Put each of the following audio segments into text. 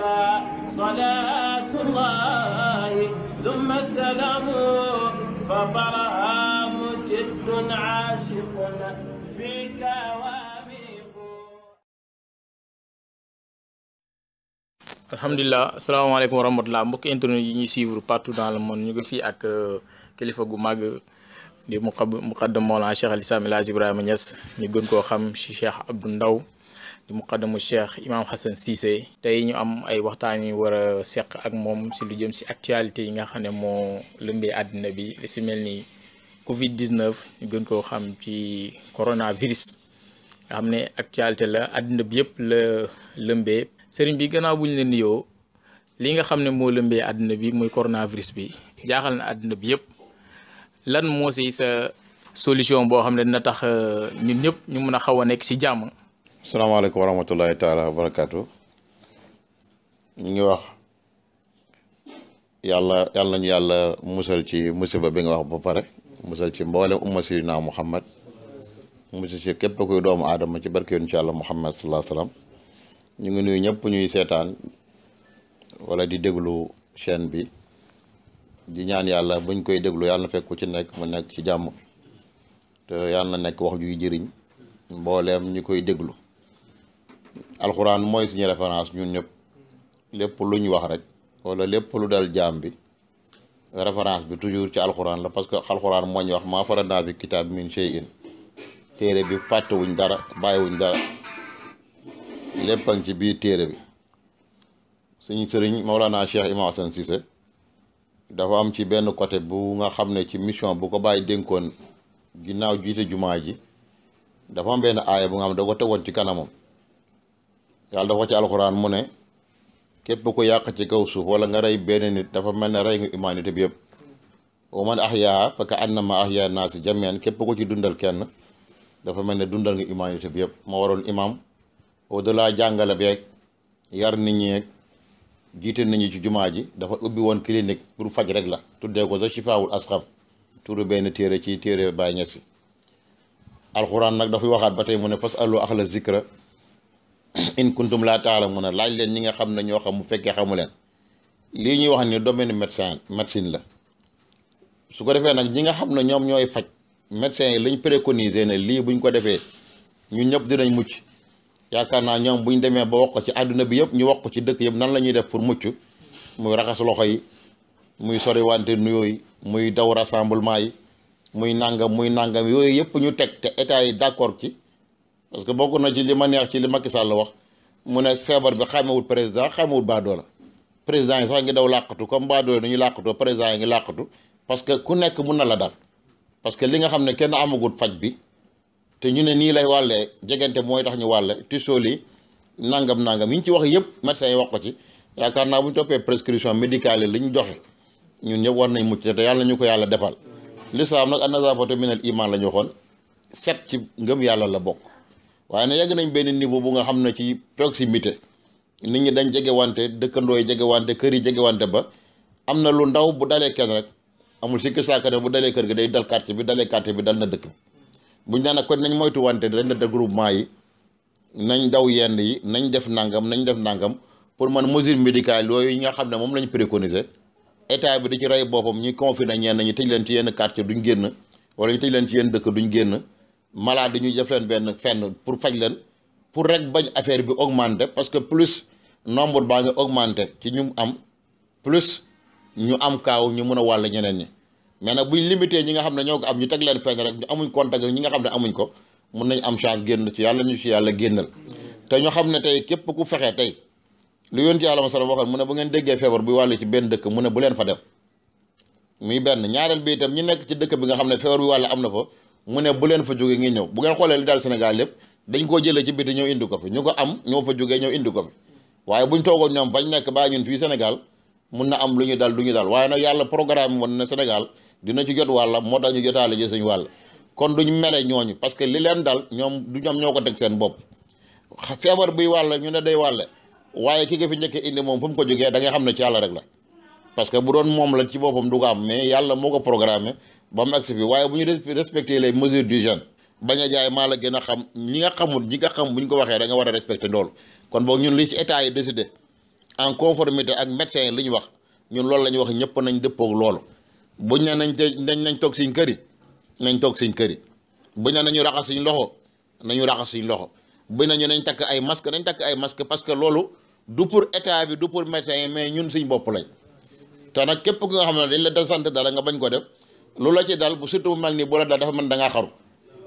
عليك صلاة الله ثم السلام mbokk internet yi ñuy suivre partout dans le monde ñu ngi fii ak euh, kilifa gu màgg di muqaddam Mawlana Cheikh al Islam El Hadj Ibrahima Niass ñu gën koo xam si Cheikh Abdou Ndaw di muqaddamu cheikh imam Hassan Cissé tey ñu am ay waxtaan yu war a seq ak moom si lu jëm si actualité yi nga xam ne moo lëmbee àddina bi li si mel ni Covid gën koo xam ci coronavirus nga xam ne actualité la àddina bi yëpp la lëmbee sëriñ bi gannaaw bu ñu leen nuyoo li nga xam ne moo lëmbee àddina bi muy coronavirus bi jaaxal na àddina bi yëpp lan moo si sa solution boo xam ne dina tax euh, ñun ñëpp ñu mun a xaw a nekk si jàmm. salaamaaleykum wa rahmatullahi taala wa barakaatu ñu ngi wax yàlla yàlla nañu yàlla musal ci musiba bi nga wax ba pare musal ci mboolem umma na Muhammad musal ci képp kuy doomu aadama ci barke yonent yàlla Muhammad sallallahu alayhi wasallam ñu ngi nuyu ñëpp ñuy seetaan wala di déglu chaîne bi di ñaan yàlla buñ koy déglu yàlla na fekk ci nekk mu nekk ci jàmm te yàlla na nekk wax juy jëriñ mbooleem ñu koy déglu alxuraan mooy suñu référence ñun ñëpp lépp lu ñu wax rek wala lépp lu dal jaam bi référence bi toujours ci alxuraan la parce que alxuraan moo ñu wax maa naa bi kitaab min shay'in téere bi fàttewuñ dara bàyyiwuñ dara lépp a ci biir téere bi suñu sëriñ Mawlana Cheikh Imam Hassan Cissé dafa am ci benn côté bu nga xam ne ci mission bu ko bàyyi dénkoon ginnaaw jiite jumaa ji dafa am benn aaya bu nga xam da ko tegoon ci kanamam yàlla dafa wax ci alxuraan mu ne képp ku yàq ci kaw suuf wala nga rey benn nit dafa mel ne rey nga humanité bi yëpp ma ne man ahyaa fa ka annama ahyaa naasi jamian képp ko ci dundal kenn dafa mel ne dundal nga humanité bi yëpp moo waroon imam au delà jàngale beeg yar nit ñeeg jiite nit ñi ci jumaa ji dafa ubbi woon clinique pour faj rek la tuddee ko sa shifaawul asxam turu benn téere ci téere Baay Ñas alxuraan nag dafay waxaat ba tey mu ne fas allu axla zikra in kuntum laa taalamuuna laaj leen ñi nga xam ne ñoo xam mu fekkee xamu leen lii ñuy wax ni domaine médecin médecine la su ko defee nag ñi nga xam ne ñoom ñooy faj médecins yi lañ préconiser ne lii buñ ko defee ñu ñëpp dinañ mucc yaakaar naa ñoom buñ demee ba wax ci àdduna bi yëpp ñu wax ko ci dëkk yëpp nan lañuy def pour mucc muy raxas loxo yi muy soriwante nuyoo yi muy daw rassemblement yi muy nàngam muy nàngam yooyu yëpp ñu teg te état yi d'accord ci parce que bokk na ci li ma neex ci li Macky Sall wax mu nekk feebar bi xamewut président xamewut baadoo la président yi sax ngi daw làqatu comme baadoo yi dañuy làqatoo président yi ngi làqatu parce que ku nekk mun na la dal parce que li nga xam ne kenn amagut faj bi te ñu ne nii lay wàllee jegante mooy tax ñu wàlle tisoo lii nangam nangam yi ñu ci wax yëpp médecins yi wax ko ci yaakaar naa mu ñu toppee prescription médicale li ñu joxe ñu ñëpp nañ mucc te yàlla ñu ko yàlla defal lislaam nag an nazaafatu minal iman la ñu waxoon set ci ngëm yàlla la bokk waaye na yegg nañ benn niveau bu nga xam ne ci proximité nit ñi dañ jege wante dëkkandoo yi jege wante kër yi jege wante ba am na lu ndaw bu dalee kenn rek amul sikki saaka ne bu dalee kër gi day dal quartier bi dalee quartier bi dal na dëkk bi buñ naan kon nañ moytu wante dañ na groupement yi nañ daw yenn yi nañ def nangam nañ def nangam pour man mesure médicale yooyu yi nga xam ne moom lañ préconiser état bi di ci rey boppam ñi confiné ñenn ñi tëj leen ci yenn quartier duñ génn wala ñu leen ci yenn dëkk duñ génn di ñu def leen benn fenn pour faj leen pour rek bañ affaire bi augmenter parce que plus nombre baa ngi augmenter ci ñu am plus ñu am kaaw ñu mën a wàll ñeneen ñi mais nag buñ limité ñi nga xam ne ñoo ko am ñu teg leen fenn rek ñu amuñ contact ñi nga xam ne amuñ ko mun nañ am chance génn ci yàlla ñu ci yàlla génnal te ñu xam ne tey képp ku fexe tey lu yoon ci yàlla ma solo waxoon mu ne ba ngeen déggee feebar bu wàll ci benn dëkk mu ne bu leen fa def muy benn ñaareel bi itam nekk ci dëkk bi nga xam ne feebar bi wàll am na fa mu ne bu leen fa jógee ngeen ñëw bu ngeen xoolee li daal Sénégal lépp dañ koo jëlee ci biti ñëw indi ko fi ñu ko am ñoo fa jógee ñëw indi ko fi waaye buñ toogoon ñoom fañ nekk baa ñun fii Sénégal mun na am lu ñu dal du ñu waaye nag yàlla programme woon na Sénégal dina ci jot wàlla moo tax ñu jotaale ji suñu wàll kon duñ mere ñooñu parce que li leen dal ñoom du ñoom ñoo ko teg seen bopp feebar buy wàll ñu ne day wàlle waaye ki nga fi njëkk indi moom fu mu ko jógee da ngay xam ne ci yàlla rek la parce que bu doon moom la ci boppam du ko am mais yàlla moo ko programmé ba mu agsi waaye bu ñu respecté les mesures d'hygiène bañ a jaay maa la gën a xam ñi nga xamul ñi nga xam bu ñu ko waxee da nga war a respecté loolu kon boo ñun lii ci état yi décidé en conformité ak médecins yi li ñu wax ñun loolu la ñu wax ñëpp nañ dëppoog loolu buñ ne nañ te nañ nañ toog siñ kër yi nañ toog siñ kër yi buñ ne nañu raxas suñ loxo nañu raxas suñ loxo buñ ne ñu nañ takk ay masque nañ takk ay masque parce que loolu du pour état bi du pour médecin yi mais ñun suñ bopp lañ te nag képp ku xam ne dañ la da sant nga bañ ko def lu la ci dal bu surtout bu mel nii bu la dal dafa mën da ngaa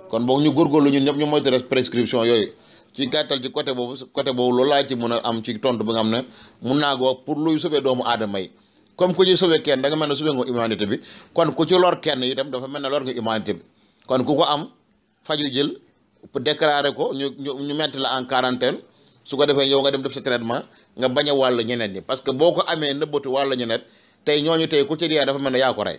kon boog ñëpp ñu moytu des prescription yooyu ci gàttal ci côté boobu boobu loolu laa ci am ci tontu bi nga xam ne mun naa ko wax pour luy sauver doomu aadama yi comme ku ci sauver kenn nga mel ne sauver nga humanité bi kon ku ci kenn itam dafa mel ne lor nga humanité kon ko am faju jël déclaré ko ñu ñu metti la en quarantaine su ko defee yow nga dem def sa traitement nga baña a wàll ñeneen ñi parce que boo ko amee nëbbatu wàll ñeneen tey ñooñu tey ku ci dee dafa mel ne yaa ko rey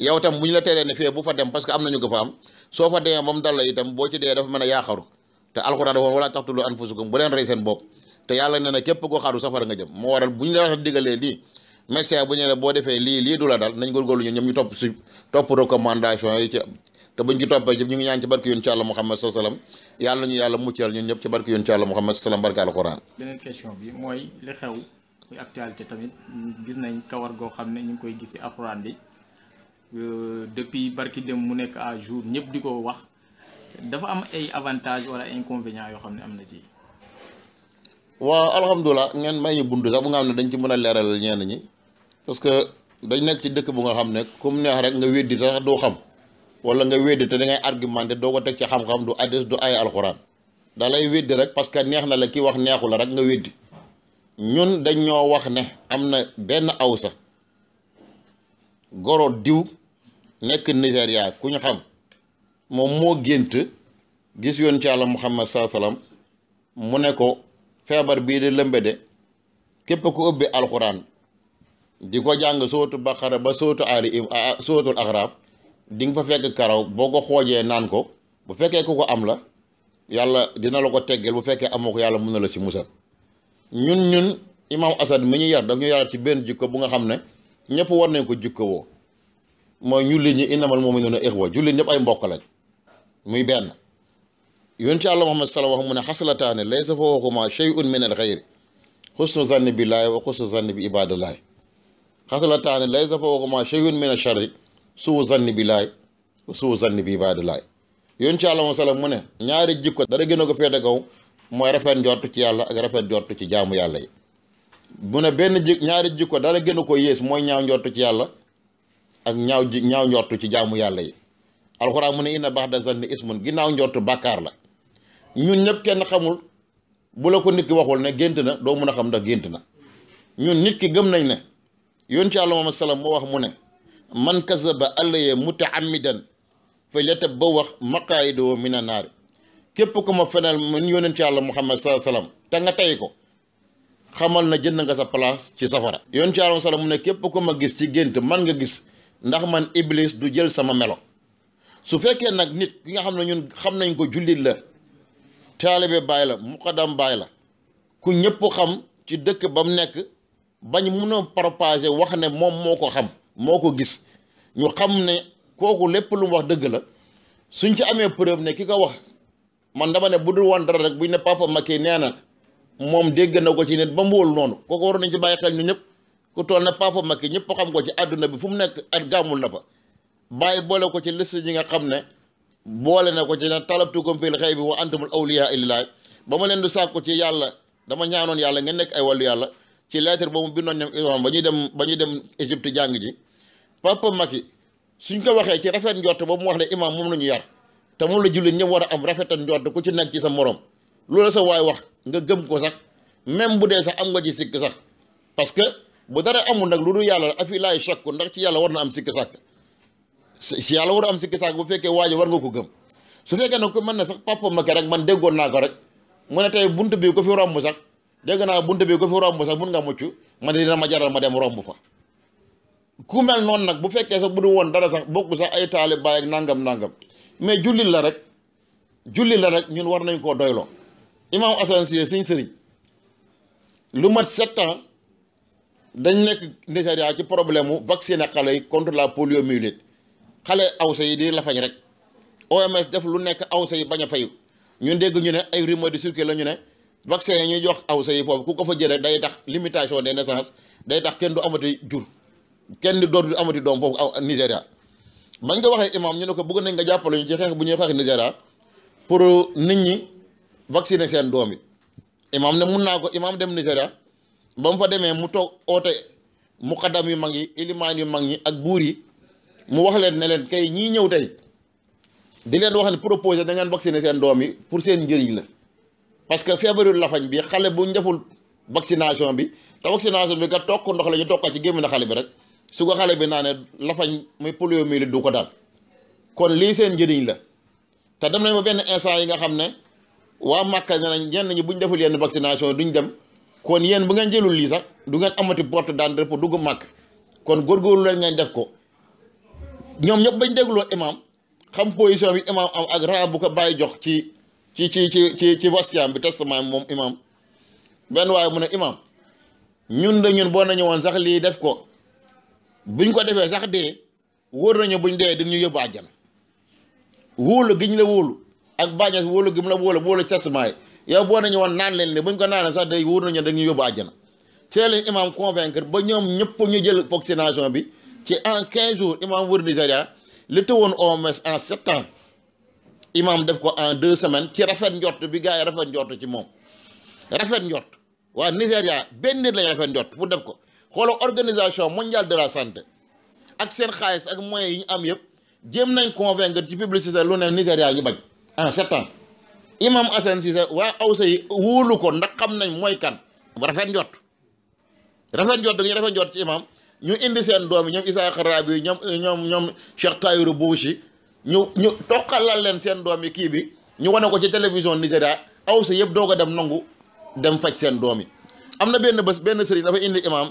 yow tam bu ñu la teree ne fee bu fa dem parce que am nañu ko fa am soo fa demee ba mu dal la itam boo ci dee dafa mën a yaaxaru te alxuraan dafa wala taqtulu anfusakum bu leen rey seen bopp te yàlla ne na képp koo xaru ñu la ñu topp si topp recommandation yi ci te ci toppee ñu ngi ñaan ci barke yoon ci àlla Muhammad sa yàlla ñu yàlla muccal ñun ñëpp ci barke yoon ci àlla Muhammad sa barke alxuraan beneen question bi mooy li xew Euh, depuis barki dem mu nekk à jour ñëpp di ko wax dafa am ay avantages wala inconvénients yoo xam ne am na ci. waaw alhamdulilah ngeen may ñu buntu sax bu nga xam ne dañ ci mën a leeralal ñenn ñi parce que dañ nekk ci dëkk bu nga xam ne comme neex rek nga weddi sax doo xam wala nga weddi da ngay argumenté doo ko teg ci xam du hadiis du ay alxuraan da lay weddi rek parce que neex na la ki wax neexu la rek nga weddi. dañ ñoo wax ne am na benn awsa goro diw nekk Nigéria ku ñu xam moom moo gént gis yoon ci yàlla Muhammad saa salaam mu ne ko feebar bii di lëmbe de képp ku ubbi alxuraan di ko jàng sootu baqara ba sootu ali im sootul axraaf di nga fa fekk karaw boo ko xoojee naan ko bu fekkee ku ko am la yàlla dina la ko teggeel bu fekkee amoo ko yàlla mun na la ci musal ñun ñun imam asad mi ñu yar daf ñu yar ci benn jikko bu nga xam ne ñëpp war nañ ko jikko mooy ñu leen ñi innamal mu'minuuna ixwa jullit ñëpp ay mbokk lañ muy benn yonent ci Yàlla Muhammad sallallaahu alayhi wa mu ne xasalataane laysa fawqahumaa shay'un min al-xayri xusnu zanni billaahi wa xusnu zanni bi ibaadillaahi xasalataane laysa fawqahumaa shay'un min al-sharri suu zanni billaahi wa suu zanni bi ibaadillaahi yonent ci Yàlla Muhammad sallallaahu alayhi wa sallam mu ne ñaari jikko dara gën ko féete kaw mooy rafet njort ci yàlla ak rafet njort ci jaamu yàlla yi mu benn jik ñaari jikko dara gën a ko yées mooy ñaaw njort ci yàlla ak ñaaw ñaaw njortu ci jaamu yàlla yi alxuraan mu ne baax ba'da zanni ismun ginnaaw njortu bàkkaar la ñun ñëpp kenn xamul bu la ko nit ki waxul ne gént na doo mën a xam ndax gént na ñun nit ki gëm nañ ne yoon ci àlla moom salaam moo wax mu ne man kazaba alayya mutaamidan falyatabawwa' mi mina naari képp ku ma mu man yónent ci àlla muhammad salaa salaam te nga tey ko xamal na jënd nga sa place ci safara yoon ci àlla salaam mu ne képp ko ma gis ci gént man nga gis ndax man iblis du jël sama melo su fekkee nag nit ki nga xam ne ñun xam nañ ko jullit la taalibe baay la muqaddam baay la ku ñëpp xam ci dëkk ba mu nekk bañ mun a propager wax ne moom moo ko xam moo ko gis ñu xam ne kooku lépp lu mu wax dëgg la suñ ci amee preuve ne ki ko wax man dama ne bu dul woon dara rek buñ ne papa Macky nee na moom dégg na ko ci nit ba mu wóolu noonu kooku waroon nañ ci bàyyi xel ñu ñëpp. ku toll na Papa Macky ñëpp xam ko ci àdduna bi fu mu nekk at gàmmul na fa bàyyi boole ko ci liste ñi nga xam ne boole na ko ci ne talabtukum fil ghaybi wa antumul awliyaa lillaah ba ma leen du sàkku ci yàlla dama ñaanoon yàlla ngeen nekk ay wàllu yàlla ci lettre ba mu bindoon ñoom imaam ba ñuy dem ba ñuy dem Égypte jàng ji Papa Macky suñ ko waxee ci rafet njort ba mu wax ne imaam moom la ñu yar te moom la jullit ñëpp war a am rafetal njort ku ci nekk ci sa moroom loolu sa waay wax nga gëm ko sax même bu dee sax am nga ci sikk sax parce bu dara amul nag lu dul yàlla afi laay shakku ndax ci yàlla war na am sikk sàkk si yàlla war na am sikk sàkk bu fekkee waajo war nga ko gëm su fekkee nag ko mën na sax papa ma rek man déggoon naa ko rek mu ne tey bunt bi ko fi romb sax dégg naa bunt bi ko fi romb sax mun nga mucc man dina ma jaral ma dem romb fa ku mel noonu nag bu fekkee sax bu du woon dara sax bokk sax ay taali baay ak nangam nangam mais jullit la rek jullit la rek ñun war nañ koo doyloo imaam Assane Cissé suñ sëriñ lu dañ nekk Nigéria ci problème mu vacciner xale yi contre la poliomyélite xale awsa yi di la fañ rek OMS def lu nekk awsa yi bañ a fayu ñun dégg ñu ne ay rumeur di circuler la ñu ne vaccin yi ñuy jox awsa yi foofu ku ko fa jëlee day tax limitation de naissances day tax kenn du amati jur kenn door du amati doom foofu aw Nigéria bañ ko waxee imam ñu ne ko bëgg nañ nga jàppale ñu ci xeex bu ñuy xeex Nigéria pour nit ñi vacciner seen doom yi imam ne mun naa ko imam dem Nigéria ba mu fa demee mu toog oote muqaddam yu mag yi ilimaan yu mag ñi ak buur yi mu wax leen ne leen kay ñii ñëw tey di leen wax ne proposé da ngeen vacciner seen doom yi pour seen njëriñ la parce que feebaru lafañ bi xale bu ñu deful vaccination bi te vaccination bi nga tokk ndox la ñu tokka ci gémmi na xale bi rek su ko xale bi naa ne lafañ muy poliomyélite du ko daal kon lii seen njëriñ la te dem nañ ba benn instant yi nga xam ne waa Màkka ne nañ ñenn ñi bu ñu deful yenn vaccination duñ dem kon yéen bu ngeen jëlul lii sax du ngeen amati porte d'entrée pour dugg mag kon góor góorgóorlu leen ngeen def ko ñoom ñëpp bañ dégloo imam xam position bi imam am ak raa bu ko bàyyi jox ci ci ci ci ci ci wasiyaam bi testament moom imam benn waaye mu ne imam ñun de ñun boo nañu woon sax lii def ko buñ ko defee sax dee wóor nañu buñ dee di ñu yóbbu àjjana wóolu giñ la wóolu ak bàññees wóolu gi mu la wóolu wóolu testament yi yow boo nañu woon naan leen ne buñ ko naanee sax day wóor nañu dañuy yóbbu àjjana ci leen imaam convaincre ba ñoom ñëpp ñu jël vaccination bi ci en 15 jours imaam wër Nigéria li tëwoon au moins en sept ans imaam def ko en deux semaines ci rafet njort bi gars yi rafet njort ci moom rafet njort waa Nigéria benn nit lañ rafet njort pour def ko xoolal organisation mondiale de la santé ak seen xaalis ak moyens yi ñu am yëpp jéem nañ convaincre ci publicité lu ne Nigéria ñu bañ en sept ans imam Assane Cissé waa awsa yi wóolu ko ndax xam nañ mooy kan rafet njot rafet njot dañuy rafet njot ci imam ñu indi seen doom yi ñoom Isaaxa Rabi yi ñoom ñoom ñoom Cheikh Tayiru Bouchi ñu ñu toqalal leen seen doom yi kii bi ñu wane ko ci télévision aw awsa yëpp doo ko dem nangu dem faj seen doom yi am na benn bés benn sëriñ dafa indi imam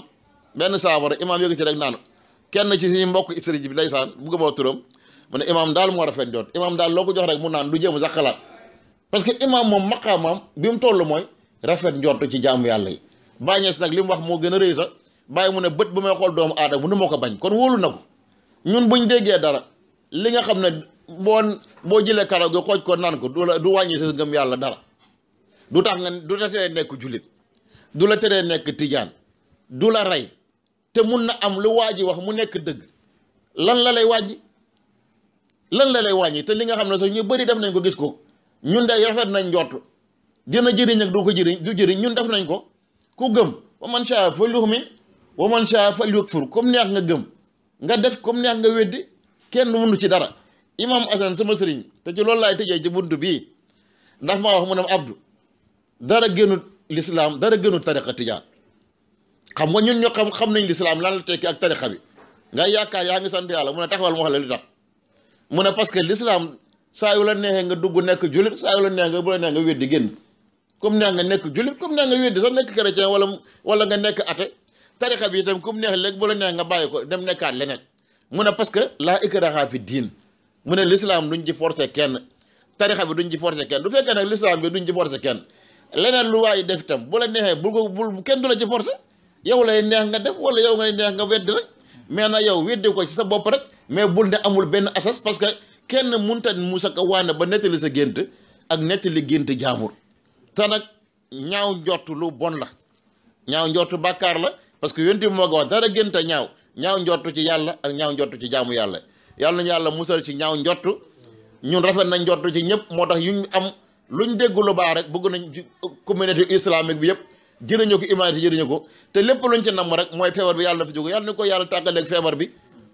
benn saafara imam yëg ci rek naan kenn ci suñu mbokk sëriñ bi ndeysaan bëgg ma turam mu ne imam daal moo rafet njot imam daal loo ko jox rek mu naan du jéem sax xalaat parce que imaam moom maqaamaam bi mu toll mooy rafet njort ci jàmm yàlla yi Baay si nag li mu wax moo gën a rëy sax bàyyi mu ne bët bu may xool doomu aadama nu ma ko bañ kon wóolu na ko ñun buñ déggee dara li nga xam ne boo boo jëlee karaw gi xooj ko naan ko du la du wàññi sa ngëm yàlla dara du tax nga du la teree nekk jullit du la teree nekk tijaan du la rey te mun na am lu waa ji wax mu nekk dëgg lan la lay wàññi lan la lay wàññi te li nga xam ne sax ñu bëri def nañ ko gis ko ñun de rafet nañ njott a jëriñ ak doo ko jëriñ du jëriñ ñun def nañ ko ku gëm wa man shaa fa yu'min wa man shaa fa yakfur comme neex nga gëm nga def comme neex nga weddi kenn mënu ci dara imam Assane sama sëriñ te ci loolu laay tëjee ci bunt bii ndax maa wax mu ne Abdou dara gënut lislaam dara gënut tariqa tijaan xam nga ñun ñu xam xam nañ lislaam lan la tekki ak tariqa bi nga yaakaar yaa ngi sant yàlla mun a taxawal mu wax la li tax mu ne parce saa yu la neexee nga dugg nekk jullit saa yu la neex nga bu la neex nga weddi génn comme neex nga nekk comme neex nga weddi sax nga nekk la ko dem nekkaat leneen mu ne parce que laa ikraha fi diin mu ne l'islam duñ kenn tarixa bi duñ ci forcer kenn du fekkee nag l'islam bi duñ ci forcer kenn leneen lu waaye def itam bu la neexee kenn du la ci forcer yow lay neex nga def wala yow ngay neex nga weddi rek mais na yow weddi ko ci sa bopp rek mais bul ne amul benn asas parce que kenn munta musa ka waane ba nettali sa gént ak nettali gént jaamur te nag ñaaw njott lu bon la ñaaw njott bàkkaar la parce que yonent bi moo ko wax dara gént a ñaaw ñaaw njot ci yàlla ak ñaaw njott ci jaamu yàlla yàlla na yàlla musal ci ñaaw njott ñun rafet na njott ci ñëpp moo tax yuñ am luñ dégg lu baax rek bëgg nañ communauté islamique bi yëpp jëriñoo ko humanité jëriñoo ko te lépp luñ ci namm rek mooy feebar bi yàlla fi jóge yàlla ni ko yàlla tàggaleek feebar bi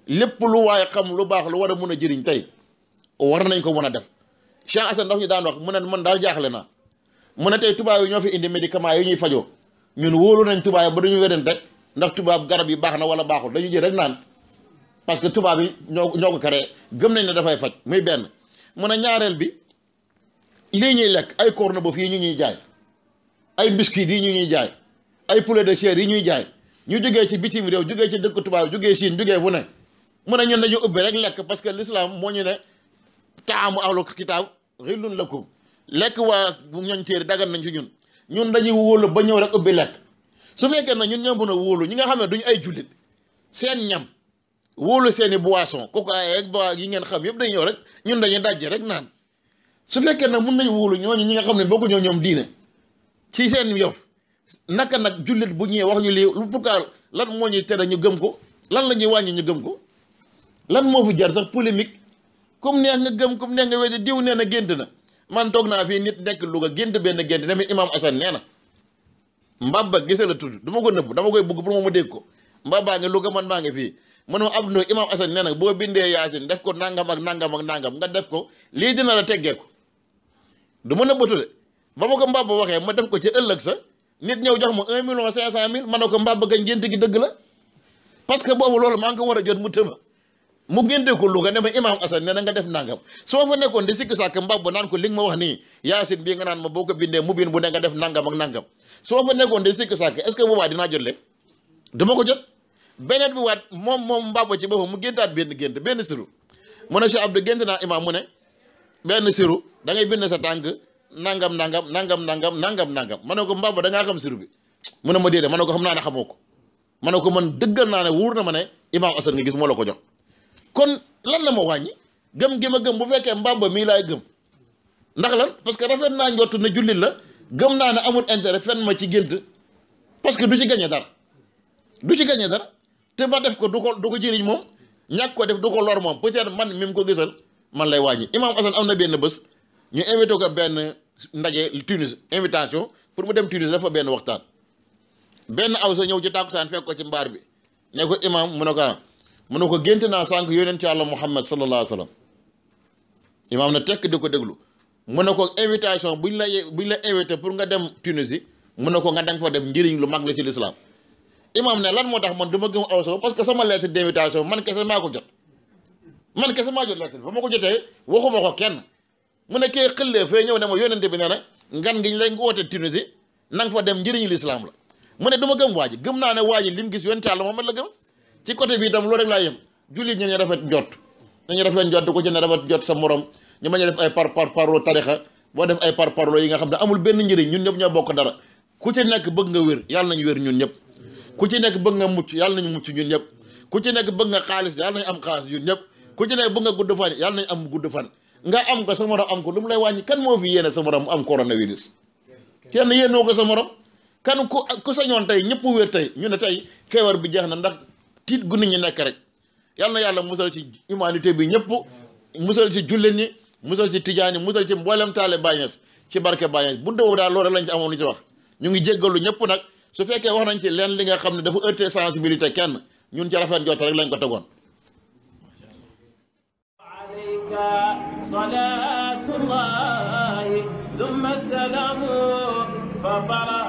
lépp lu waaye xam lu baax lu war a mun a jëriñ tey war nañ ko mën a def Cheikh Assane daf ñu daan wax mu ne man daal jaaxle na mu ne tey tubaab yi ñoo fi indi médicament yi ñuy fajoo ñun wóolu nañ tubaab ba dañu wérante rek ndax tubaab garab yi baax na wala baaxul dañu jël rek naan parce que tubaab yi ñoo ñoo ko créé gëm nañ ne dafay faj muy benn mu ne ñaareel bi lii ñuy lekk ay corne bof yi ñu ñuy jaay ay biscuits yi ñu ñuy jaay ay poulet de chair yi ñuy jaay ñu jógee ci bitim réew jógee ci dëkk tubaab jógee Chine jógee fu ne mun ne ñun dañu ubbi rek lekk parce que lislaam moo ñu ne taamu aw la kitaab la ko lekk waa ñooñ téere dagan nañ ci ñun ñun lañuy wóolu ba ñëw rek ubbi lekk su fekkee na ñun ñoo mën a wóolu ñi nga xam ne duñu ay jullit seen ñam wóolu seen i boisson kooku ay ak ba yi ngeen xam yëpp dañuy ñëw rek ñun dañuy dajje rek naan su fekkee nag mun nañ wóolu ñooñu ñi nga xam ne bokku ñoo ñoom diine ci seen yof naka nag jullit bu ñëwee wax ñu lii lu pourquoi lan moo ñuy tere ñu gëm ko lan la ñuy wàññi ñu gëm ko lan moo fi jar sax polémique kum neex nga gëm kum neex nga weddi diw nee na gént na man toog naa fii nit nekk Louga gént benn gént ne ma imaam Assane nee na Mbaba gise la tudd du ko nëbb dama koy bugg pour ma dégg ko Mbaba ngi Louga man maa ngi fii man ma Abdou Ndoye imaam nee na boo bindee Yaasin def ko nangam ak nangam ak nangam nga def ko lii dina la teggeeku du ma nëbbatu de ba ma ko Mbaba waxee ma def ko ci ëllëg sa nit ñëw jox ma un million cinq cent mille man ne ko Mbaba gañ gént gi dëgg la parce que boobu loolu maa ngi ko war a jot mu tëba mu génte ko Louga ne ma imaam Assane ne na nga def nangam su ma fa nekkoon di sikki sàkk mbab naan ko li nga ma wax nii yaasin bii nga naan ma boo ko bindee mu biin bu ne nga def nangam ak nangam su ma fa nekkoon di sikki sàkk est ce que boobaa dinaa jot lekk ko jot beneen bi waat moom moom mbabba ci boppam mu géntaat benn gént benn siru mu ne Cheikh Abdou gént naa imaam mu ne benn siru da ngay bind sa tànk nangam nangam nangam nangam nangam nangam ma ne ko mbabba da ngaa xam siru bi mu ne ma déedéet ma ne ko xam naa ne xamoo ko ma ne ko man dëggal naa ne wóor na ma ne imaam Assane nga gis moo la ko jox kon lan la ma wàññi gëm gi ma gëm bu fekkee mbàmba mii laay gëm ndax lan parce que rafet naa njottu na jullit la gëm naa ne amul intérêt fenn ma ci gént parce que du ci gañe dara du ci gañe dara te ma def ko du ko du ko jëriñ moom ñàkk ko def du ko lor moom peut man mi mu ko gisal man lay wàññi imam Assane am na benn bés ñu invité ko benn ndaje Tunis invitation pour mu dem Tunis fa benn waxtaan benn aw sa ñëw ci tàkkusaan fekk ko ci mbaar bi ne ko imam mu mu ne ko gént naa sànq yonent ci Yàlla Muhammad sallallahu alayhi wa sallam imaam na tekk di ko déglu mu ne ko invitation buñ la buñ la invité pour nga dem Tunisie mun ne ko nga danga fa dem njëriñ lu mag la ci lislaam imaam ne lan moo tax man du gëm aw sama parce que sama lettre d'invitation man kese maa ko jot man kese maa jot lettre ma ko jotee waxuma ko kenn mu ne kee xëllee fee ñëw ne ma yonent bi ne na ngan ngiñ lañ woote Tunisie nanga fa dem njëriñu lislaam la mu ne du ma gëm waa gëm naa ne waa ji li mu gis yonent Yàlla Muhammad la gëm ci côté bi itam loolu rek laa yem julli ñi ñu rafet jot nañu rafet njott ko ci ne rafet jot sa morom ñu bañ a def ay par par parlo tarixa boo def ay par parlo yi nga xam ne amul benn njëriñ ñun ñëpp ñoo bokk dara ku ci nekk bëgg nga wér yàlla nañu wér ñun ñëpp ku ci nekk bëgg nga mucc yàlla nañu mucc ñun ñëpp ku ci nekk bëgg nga xaalis yàlla nañu am xaalis ñun ñëpp ku ci nekk bëgg nga gudd fan yàlla nañu am gudd fan nga am ko sa morom am ko lu mu lay wàññi kan moo fi yéene sa morom mu am coronavirus kenn yéenoo ko sa morom kan ku ku sañoon tey ñëpp wér tey ñu ne tey feebar bi jeex na ndax tiit gu nit ñi nekk rek yàlla yàlla musal ci humanité bi ñëpp musal ci jullit ñi musal ci tijaan yi musal ci mboolem taale Baay ci barke Baay Ñas bu dee daal loolu rek lañ ci amoon lu ci wax ñu ngi jéggalu ñëpp nag su fekkee wax nañ ci leen li nga xam ne dafa heurté sensibilité kenn ñun ci rafet jot rek lañ ko tegoon. صلاة